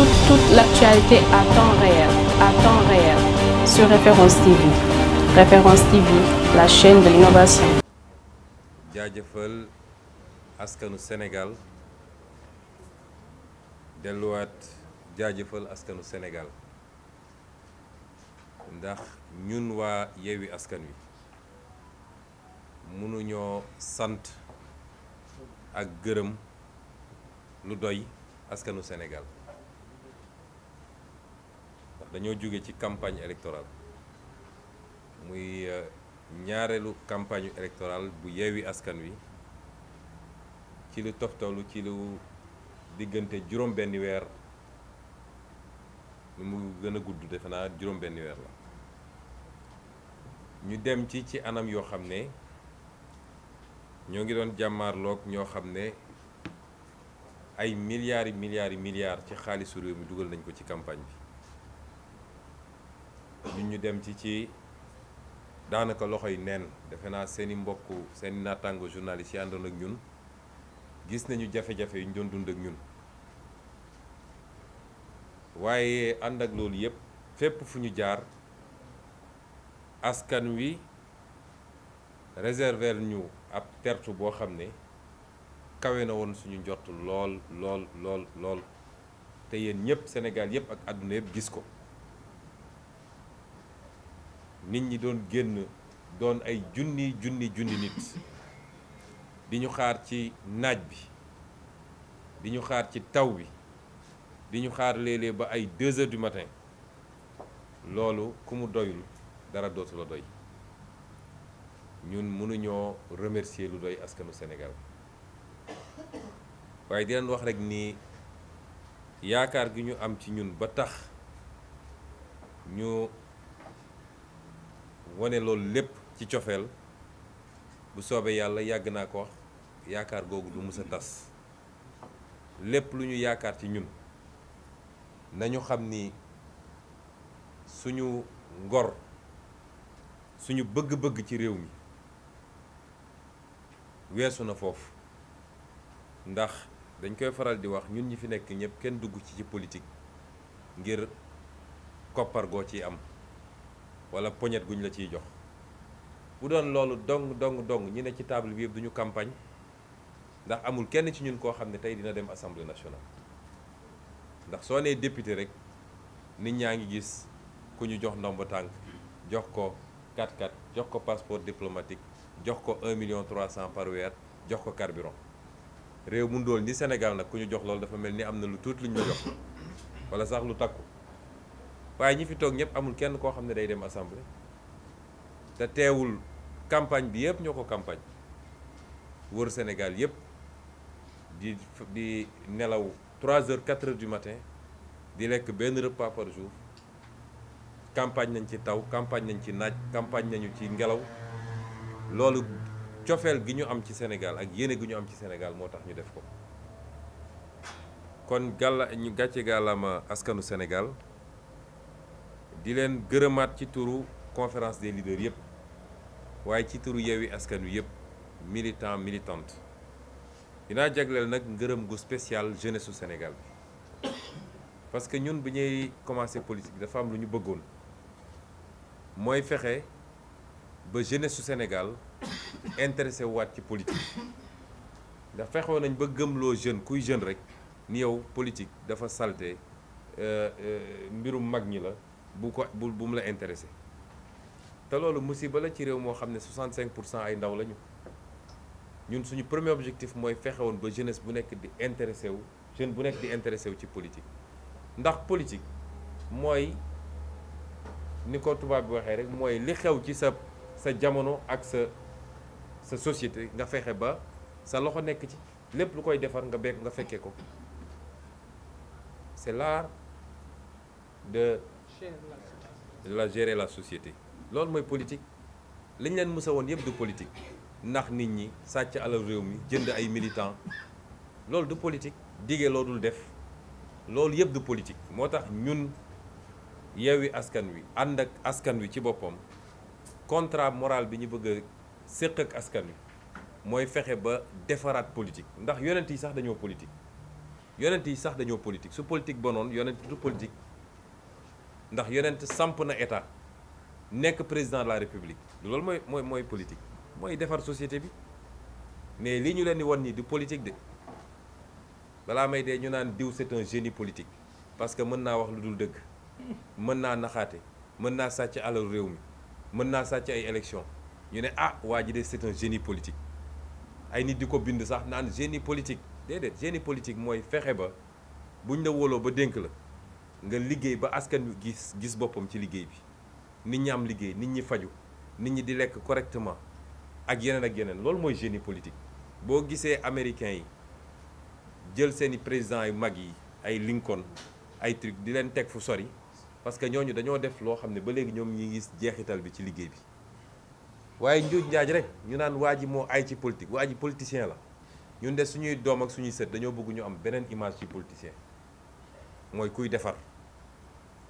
toute, toute l'actualité à temps réel, à temps réel, sur Référence TV. Référence TV, la chaîne de l'innovation. jaajëfal askanu Sénégal Djadjefol, jaajëfal askanu Sénégal ndax ñun yewi Yewwi Askan Wi sant ak gërëm lu doy askanu Sénégal dañoo jóge ci campagne électorale muy eh, ñaareelu campagne électorale bu yewi Askan Wi ci lu toftalu ci lu digënté juroom benn weer lu mu gën a gudd defe naa juróom benni weer la ñu dem ci ci anam yoo xam ne ñoo ngi doon jàmmaarloog ñoo xam ne ay milliards yi milliards yi milliards ci xaalisu réew mi dugal nañ ko ci campagne bi ñun ñu dem ci ci daanaka loxo yi nen defe naa seeni mbokk seeni i naataango journaliste yi àndoon ak ñun gis nañu jafe-jafe yu ñu doon dund ak ñun waaye ànd ak loolu yëpp fépp fu ñu jaar askan wi réserver ñu ab tertu boo xam ne kawe na woon suñu njott lool lool lool te yéen ñëpp senegal yëpp ak àdduna yëpp gis ko nit ñi doon génn doon ay junni junni junni nit di ñu xaar ci naaj bi di ñu xaar ci taw bi di ñu xaar léeg-léeg ba ay deux heures du matin loolu ku mu doyul dara dootu doy ñun mënuñoo remercier lu doy askanu Sénégal waaye di leen wax rek nii yaakaar gi ñu am ci ñun ba tax ñu wane loolu lépp ci cofeel bu soobee yàlla yàgg naa ko wax yaakaar googu du mus tas lépp lu ñu yaakaar ci ñun nañu xam ni suñu ngor suñu bëgg-bëgg ci réew mi weesu na foofu ndax dañ koy faral di wax ñun ñi fi nekk ñëpp kenn dugg ci ci politique ngir koppar goo ciy am wala poñet guñ la ciy jox bu doon loolu dong dong dong ñi ne ci table bi yëpp duñu campagne ndax amul kenn ci ñun koo xam ne tey dina dem assemblée nationale ndax soo nee député rek nit ñaa ngi gis ku ñu jox ndomb tànk jox ko 4-4 jox ko passeport diplomatique jox ko un million 300 par weer jox ko carburant réew mu dool ni Sénégal nag ku ñu jox loolu dafa mel ni am na lu tuuti lu ñu jox wala sax lu takku waye ñi fi tok ñep amul kenn ko xamne day dem assemblée te téwul campagne bi yépp ñoko campagne wër Sénégal yépp di di nelaw 3 h 4 h du matin di lek ben repas par jour campagne nañ ci taw campagne nañ ci naaj campagne nañu ci ngelaw lolu ciofel gi ñu am ci Sénégal ak yene gi ñu am ci Sénégal motax ñu def ko kon gàlla ñu gatché galama askanu Sénégal di leen gërëmaat ci turu conférence des leaders yëpp waye ci turu yewi Askan Wi yëpp militant militante dinaa jaglel nak ngërëm gu spécial jeunesse Sénégal parce que ñun bu ñey commencer politique dafa am lu ñu bëggoon moy fexé ba jeunesse Sénégal intéressé wat ci politique da fexoon nañ ba lo jeune kuy jeune rek ni yow politique dafa euh, euh mbirum mag la beaucoup ko la intéressé te le musiba la ci réew moo 65 pour cent ay ndaw lañu ñun suñu premier objectif moi faire woon ba jeunesse bu nekk di intéressé wu jeune bu nek di intéressé wu ci politique ndax politique moi, ni ko tubaab bi waxee rek mooy li xew ci sa sa jamono ak sa sa société nga faire ba sa loxo nek ci lépp lu koy defar nga bekk nga fekkee ko c'est l'art de de la gérer la société C'est ce politique Ce leen mësa du politique Nakh nit ñi sàcc mi jënd ay militants politique dige loo def est du politique Nous, ñun Yewi askan contrat moral bi ñu bëgg a politique ndax yonent sax politique politique politique politique ndax yonent samp na état nekk président de la république loolu mooy mooy mooy politique mooy defar société bi mais li ñu leen di won du politique de balaa may dee ñu naan diw c'est un génie politique parce que mën naa wax lu dul dëgg mën naa naxaate mën naa sàcc alalu réew mi mën naa sàcc ay élection ñu ne ah waa ji de c'est un génie politique ay nit di ko bind sax naan génie politique déedéet génie politique mooy fexe ba buñ la wóoloo ba dénk la nga liggéey ba askan wi gis gis boppam ci liggéey bi nit ñi am liggéey nit ñi faju nit ñi di lekk correctement ak yeneen ak yeneen loolu mooy génie politique boo gisee américains yi jël seeni présidents yu mag yi ay Lincoln ay truc di leen teg fu sori parce que ñooñu dañoo def loo xam ne ba léegi ñoom ñi ngi jeexital bi ci liggéey bi waaye njuuj njaaj rek ñu naan waa ji moo ay ci politique waa ji politicien la ñun nde suñuy doom ak suñuy set dañoo bëgg ñu am beneen image ci politicien mooy kuy defar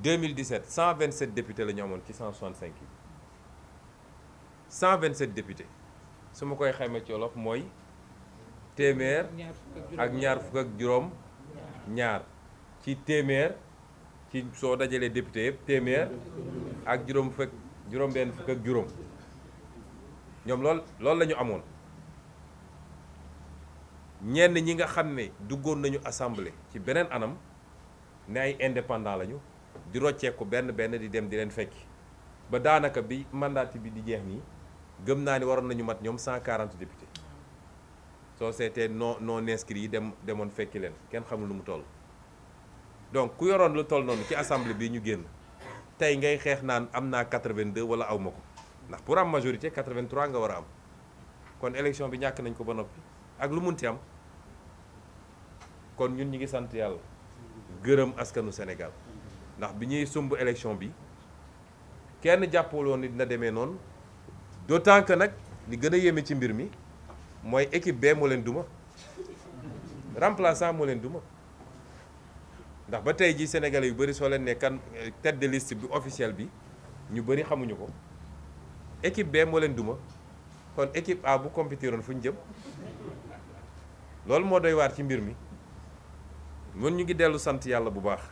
2017 127 députés la ñu amoon ci 165 127 députés su ma koy xayma ci wolof mooy téeméer ak ñaar fukk ak juróom ñaar ci téeméer ci soo dajalee député yëpp téeméer ak juróom fukk juróom benn fukk ak juróom ñoom lool loolu la ñu amoon ñenn ñi nga xam ne nañu assemblée ci beneen anam ne ay indépendant lañu di rocce ko benn benn di dem di leen fekk ba daanaka bi mandat bi di jeex nii gëm naa ni waroon nañu mat ñoom 140 députés soo seetee non non inscrit yi dem demoon fekki leen kenn xamul nu mu toll. donc ku yoroon lu toll noonu ci assemblée bi ñu génn tey ngay xeex naan am naa 82 wala aw ma ko ndax pour am majorité 83 nga war a am kon élection bi ñàkk nañ ko ba noppi ak lu munti am kon ñun ñu ngi sant yàlla gërëm askanu Sénégal. ndax bi ñuy sumb élection bi kenn jàppaloon ni dina demee noonu d'autant que nag ni gën a yeme ci mbir mi mooy équipe bee moo leen duma remplaçant moo leen duma ndax ba tey jii sénégalais yu bari soo leen ne kan tête de liste bi officielle bi ñu bëri xamuñu ko équipe bee moo leen duma kon équipe A bu compétiroon fu ñu jëm loolu moo doy waar ci mbir mi mun ñu ngi dellu sant yàlla bu baax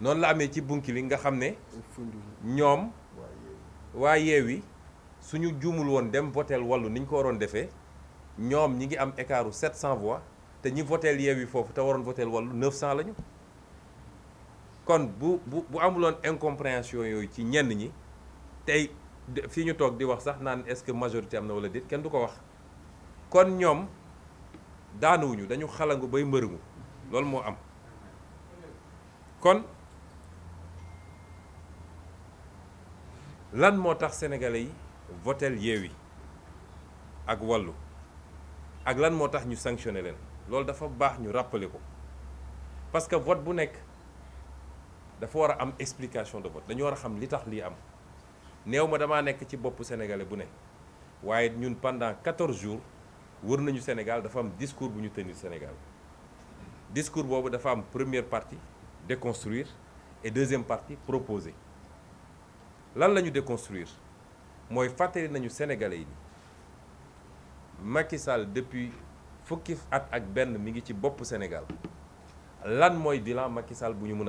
noonu la amee ci Bounkiling nga xam ne ñoom waa Yewwi suñu juumul woon dem voteel Wallu ni ko waroon defee ñoom ñi ngi am écart u 700 voix te ñi voteel Yewwi foofu te waroon voteel Wallu 900 lañu kon bu bu bu amuloon incompréhension yooyu ci ñenn ñi tey fii ñu toog di wax sax naan est-ce que majorité am na wala déet kenn du ko wax kon ñoom daanuwuñu dañu xalangu bay mbërëngu loolu moo am kon lan motax sénégalais yi votel yewi ak wàllu ak lan motax ñu sanctionné len lool dafa bax ñu rappeler ko parce que vote bu nek dafa wara am explication de vote dañu wara xam li tax li am néew dama nek ci bop sénégalais bu ne waye ñun pendant 14 jours wër nañu Sénégal dafa am discours bu ñu tenir Sénégal discours bobu dafa am première partie déconstruire et deuxième partie proposer lan la construire déconstruire moy un nañu sénégalais yi Macky Sall depuis at ak benn mi ngi ci Sénégal lan bilan Macky Sall bu ñu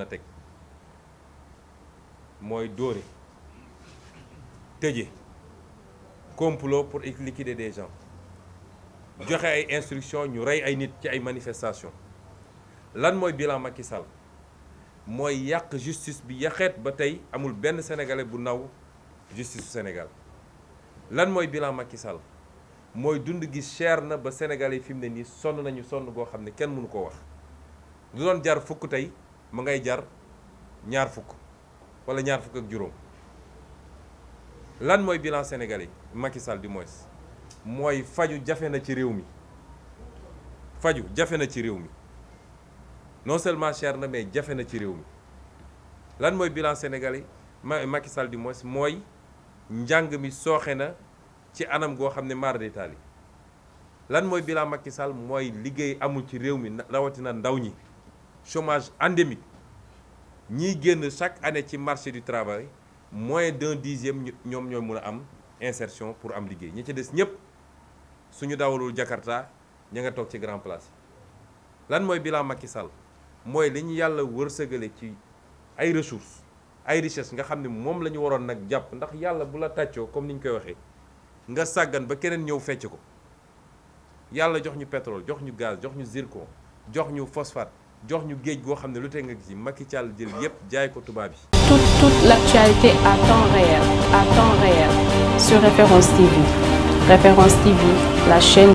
complot pour liquider des gens joxé ay instructions ñu rey ay nit ci ay manifestations lan bilan Macky Sall mooy yàq justice bi yaxeet ba tey amul benn sénégalais bu naw justice Sénégal lan mooy bilan makisal mooy dund gi cher na ba sénégalais fi mu ne nii sonn nañu sonn goo xam ne kenn mënu ko wax lu doon jar fukk tey mu ngay jar ñaar fukk wala ñaar fukk ak juróom lan mooy bilan sénégalais makisal Sall du mooy faju jafe na ci réew mi faju jafe na ci réew mi non seulement cher na mais jafe na ci réew mi lan moy bilan sénégalais ma Macky Sall du moins moy njàng mi sooxe na ci anam go xamné ne maar lan moy bilan Macky Sall moy liggéey amul ci réew mi rawatina ndaw ñi chômage endémique ñi génn chaque année ci marché du travail moins d'un dixième ñom ñoy mëna am insertion pour am liggéey ñi ci dess ñep suñu dawalul Jakarta ñinga tok ci grand place lan moy bilan Macky Sall moy liñu yalla yàlla ci ay ressources ay richesses nga xam mom lañu la nak japp ndax yalla bu la tàccoo comme niñ koy waxé nga sàggan ba keneen ñew fecc ko yalla jox ñu pétrole jox ñu gaz jox ñu zircon jox ñu phosphate jox ñu géej go xam ne lu tee nga gis Macky Sall jël yépp jaay ko tubaab bi toute toute l'actualité à temps réel à temps réel sur Référence TV Référence TV la chaîne.